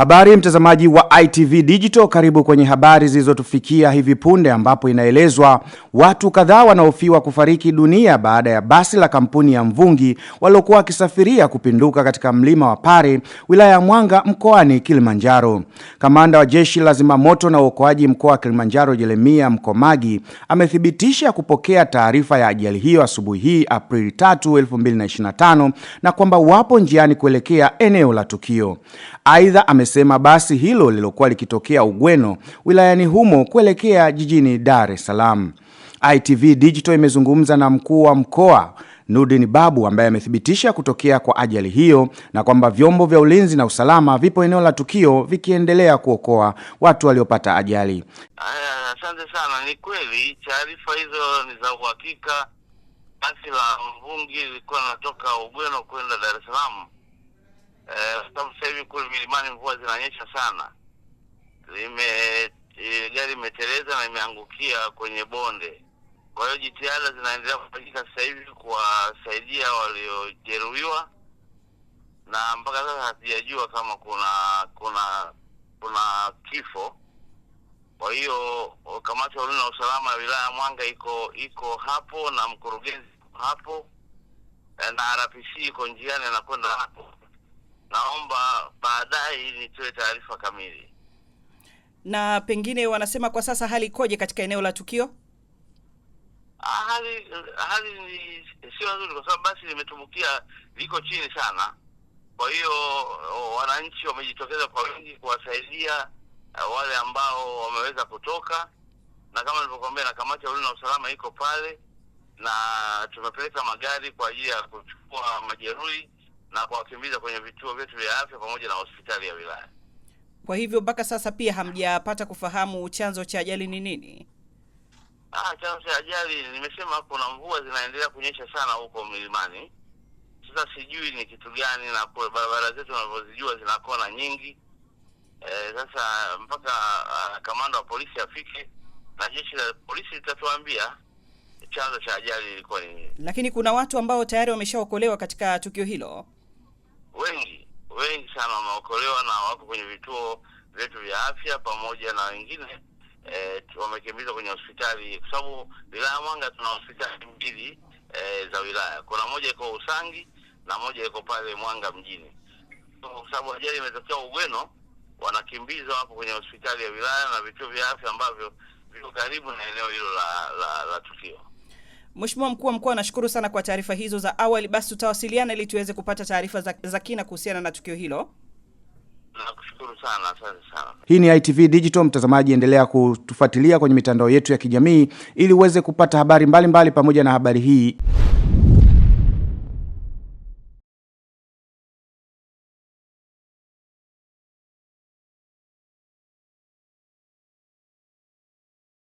Habari mtazamaji wa ITV Digital, karibu kwenye habari zilizotufikia hivi punde, ambapo inaelezwa watu kadhaa wanahofiwa kufariki dunia baada ya basi la kampuni ya Mvungi waliokuwa wakisafiria kupinduka katika mlima wa Pare, wilaya ya Mwanga, mkoani Kilimanjaro. Kamanda wa jeshi la zimamoto na uokoaji mkoa wa Kilimanjaro, Jeremia Mkomagi, amethibitisha kupokea taarifa ya ajali hiyo asubuhi hii Aprili 3, 2025 na kwamba wapo njiani kuelekea eneo la tukio. Aidha ame amesema basi hilo lilokuwa likitokea Ugweno wilayani humo kuelekea jijini Dar es Salaam. ITV Digital imezungumza na mkuu wa mkoa Nurdin Babu ambaye amethibitisha kutokea kwa ajali hiyo na kwamba vyombo vya ulinzi na usalama vipo eneo la tukio vikiendelea kuokoa watu waliopata ajali. Asante sana. Ni kweli taarifa hizo ni za uhakika. Basi la Mvungi ilikuwa linatoka Ugweno kwenda Dar es Salaam Eh, sababu sasa hivi kule milimani mvua zinanyesha sana, lime eh, gari imeteleza na imeangukia kwenye bonde. Kwa hiyo jitihada zinaendelea kufanyika sasa hivi kuwasaidia waliojeruhiwa, na mpaka sasa hatujajua kama kuna kuna kuna kifo. Kwa hiyo kamati ya ulinzi na usalama ya wilaya ya Mwanga iko iko hapo na mkurugenzi hapo eh, na RPC iko njiani anakwenda hapo naomba baadaye ili nitoe taarifa kamili. Na pengine wanasema kwa sasa hali ikoje katika eneo la tukio? Ah, hali hali ni sio nzuri, kwa sababu basi limetumbukia, liko chini sana. Kwa hiyo wananchi wamejitokeza kwa wingi kuwasaidia eh, wale ambao wameweza kutoka, na kama nilivyokuambia, na kamati ya ulinzi na usalama iko pale, na tumepeleka magari kwa ajili ya kuchukua majeruhi na kuwakimbiza kwenye vituo vyetu vya afya pamoja na hospitali ya wilaya. Kwa hivyo mpaka sasa pia hamjapata kufahamu chanzo cha ajali ni nini? Ah, chanzo cha ajali nimesema, kuna mvua zinaendelea kunyesha sana huko milimani. Sasa sijui ni kitu gani, na barabara zetu unavyozijua zinakona kona nyingi. E, sasa mpaka uh, kamanda wa polisi afike na jeshi la polisi litatuambia chanzo cha ajali ilikuwa nini, lakini kuna watu ambao tayari wameshaokolewa katika tukio hilo wengi sana wameokolewa na wako kwenye vituo vyetu vya afya, pamoja na wengine e, wamekimbizwa kwenye hospitali, kwa sababu wilaya Mwanga tuna hospitali mbili e, za wilaya. Kuna moja iko Usangi na moja iko pale Mwanga mjini. Kwa sababu ajali imetokea Ugweno, wanakimbizwa wapo kwenye hospitali ya wilaya na vituo vya afya ambavyo viko karibu na eneo hilo la, la, la tukio. Mheshimiwa mkuu wa mkoa, nashukuru sana kwa taarifa hizo za awali. Basi tutawasiliana ili tuweze kupata taarifa za, za kina kuhusiana na tukio hilo. Nakushukuru sana, asante sana. Hii ni ITV Digital. Mtazamaji, endelea kutufuatilia kwenye mitandao yetu ya kijamii ili uweze kupata habari mbalimbali mbali pamoja na habari hii.